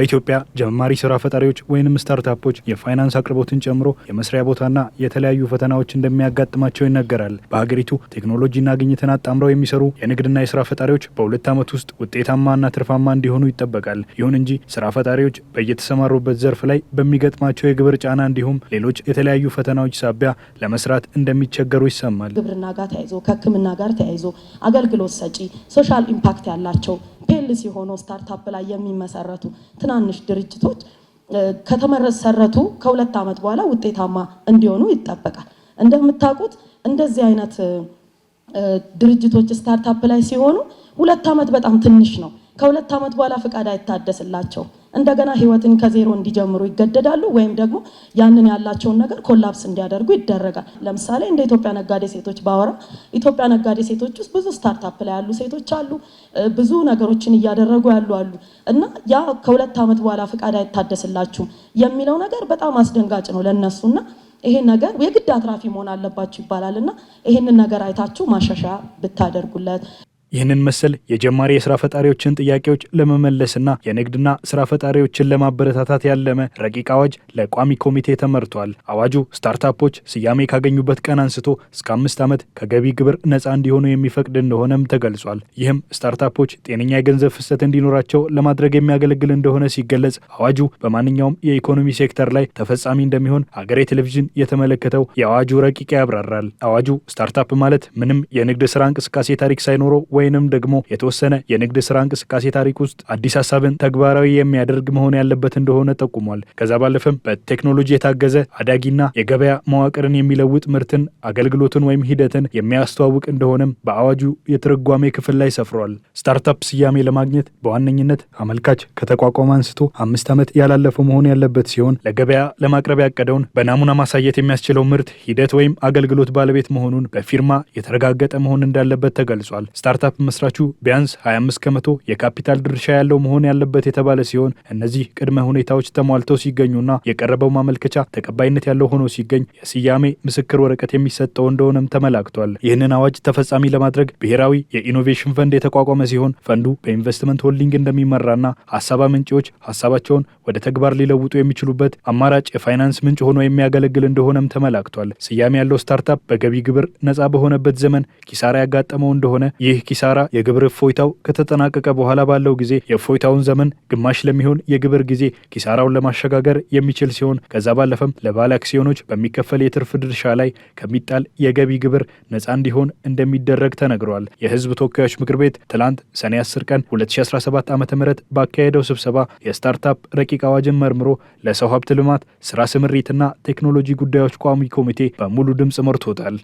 በኢትዮጵያ ጀማሪ ስራ ፈጣሪዎች ወይም ስታርታፖች የፋይናንስ አቅርቦትን ጨምሮ የመስሪያ ቦታና የተለያዩ ፈተናዎች እንደሚያጋጥማቸው ይነገራል። በሀገሪቱ ቴክኖሎጂና ግኝትን አጣምረው የሚሰሩ የንግድና የስራ ፈጣሪዎች በሁለት ዓመት ውስጥ ውጤታማና ትርፋማ እንዲሆኑ ይጠበቃል። ይሁን እንጂ ስራ ፈጣሪዎች በየተሰማሩበት ዘርፍ ላይ በሚገጥማቸው የግብር ጫና እንዲሁም ሌሎች የተለያዩ ፈተናዎች ሳቢያ ለመስራት እንደሚቸገሩ ይሰማል። ግብርና ጋር ተያይዞ ከህክምና ጋር ተያይዞ አገልግሎት ሰጪ ሶሻል ኢምፓክት ያላቸው ሲሆኑ ስታርታፕ ላይ የሚመሰረቱ ትናንሽ ድርጅቶች ከተመሰረቱ ከሁለት ዓመት በኋላ ውጤታማ እንዲሆኑ ይጠበቃል። እንደምታውቁት እንደዚህ አይነት ድርጅቶች ስታርታፕ ላይ ሲሆኑ ሁለት ዓመት በጣም ትንሽ ነው። ከሁለት ዓመት በኋላ ፍቃድ አይታደስላቸው እንደገና ህይወትን ከዜሮ እንዲጀምሩ ይገደዳሉ፣ ወይም ደግሞ ያንን ያላቸውን ነገር ኮላፕስ እንዲያደርጉ ይደረጋል። ለምሳሌ እንደ ኢትዮጵያ ነጋዴ ሴቶች ባወራ ኢትዮጵያ ነጋዴ ሴቶች ውስጥ ብዙ ስታርታፕ ላይ ያሉ ሴቶች አሉ፣ ብዙ ነገሮችን እያደረጉ ያሉ አሉ እና ያ ከሁለት ዓመት በኋላ ፍቃድ አይታደስላችሁም የሚለው ነገር በጣም አስደንጋጭ ነው ለእነሱና ይሄ ነገር የግድ አትራፊ መሆን አለባችሁ ይባላል እና ይሄንን ነገር አይታችሁ ማሻሻያ ብታደርጉለት ይህንን መሰል የጀማሪ የስራ ፈጣሪዎችን ጥያቄዎች ለመመለስና የንግድና ስራ ፈጣሪዎችን ለማበረታታት ያለመ ረቂቅ አዋጅ ለቋሚ ኮሚቴ ተመርቷል። አዋጁ ስታርታፖች ስያሜ ካገኙበት ቀን አንስቶ እስከ አምስት ዓመት ከገቢ ግብር ነፃ እንዲሆኑ የሚፈቅድ እንደሆነም ተገልጿል። ይህም ስታርታፖች ጤነኛ የገንዘብ ፍሰት እንዲኖራቸው ለማድረግ የሚያገለግል እንደሆነ ሲገለጽ አዋጁ በማንኛውም የኢኮኖሚ ሴክተር ላይ ተፈጻሚ እንደሚሆን አገሬ ቴሌቪዥን የተመለከተው የአዋጁ ረቂቅ ያብራራል። አዋጁ ስታርታፕ ማለት ምንም የንግድ ስራ እንቅስቃሴ ታሪክ ሳይኖረው ወይንም ደግሞ የተወሰነ የንግድ ስራ እንቅስቃሴ ታሪክ ውስጥ አዲስ ሀሳብን ተግባራዊ የሚያደርግ መሆን ያለበት እንደሆነ ጠቁሟል። ከዛ ባለፈም በቴክኖሎጂ የታገዘ አዳጊና የገበያ መዋቅርን የሚለውጥ ምርትን፣ አገልግሎትን ወይም ሂደትን የሚያስተዋውቅ እንደሆነም በአዋጁ የትርጓሜ ክፍል ላይ ሰፍሯል። ስታርታፕ ስያሜ ለማግኘት በዋነኝነት አመልካች ከተቋቋመ አንስቶ አምስት ዓመት ያላለፈው መሆን ያለበት ሲሆን ለገበያ ለማቅረብ ያቀደውን በናሙና ማሳየት የሚያስችለው ምርት፣ ሂደት ወይም አገልግሎት ባለቤት መሆኑን በፊርማ የተረጋገጠ መሆን እንዳለበት ተገልጿል። ስታርታፕ ስታርታፕ መስራቹ ቢያንስ 25 ከመቶ የካፒታል ድርሻ ያለው መሆን ያለበት የተባለ ሲሆን እነዚህ ቅድመ ሁኔታዎች ተሟልተው ሲገኙና የቀረበው ማመልከቻ ተቀባይነት ያለው ሆኖ ሲገኝ የስያሜ ምስክር ወረቀት የሚሰጠው እንደሆነም ተመላክቷል። ይህንን አዋጅ ተፈጻሚ ለማድረግ ብሔራዊ የኢኖቬሽን ፈንድ የተቋቋመ ሲሆን ፈንዱ በኢንቨስትመንት ሆልዲንግ እንደሚመራና ሀሳብ አመንጪዎች ሀሳባቸውን ወደ ተግባር ሊለውጡ የሚችሉበት አማራጭ የፋይናንስ ምንጭ ሆኖ የሚያገለግል እንደሆነም ተመላክቷል። ስያሜ ያለው ስታርታፕ በገቢ ግብር ነጻ በሆነበት ዘመን ኪሳራ ያጋጠመው እንደሆነ ይህ ኪሳራ የግብር እፎይታው ከተጠናቀቀ በኋላ ባለው ጊዜ የእፎይታውን ዘመን ግማሽ ለሚሆን የግብር ጊዜ ኪሳራውን ለማሸጋገር የሚችል ሲሆን ከዛ ባለፈም ለባለ አክሲዮኖች በሚከፈል የትርፍ ድርሻ ላይ ከሚጣል የገቢ ግብር ነጻ እንዲሆን እንደሚደረግ ተነግሯል። የህዝብ ተወካዮች ምክር ቤት ትላንት ሰኔ 10 ቀን 2017 ዓ ም ባካሄደው ስብሰባ የስታርታፕ ረቂቅ አዋጅን መርምሮ ለሰው ሀብት ልማት ስራ ስምሪትና ቴክኖሎጂ ጉዳዮች ቋሚ ኮሚቴ በሙሉ ድምፅ መርቶታል።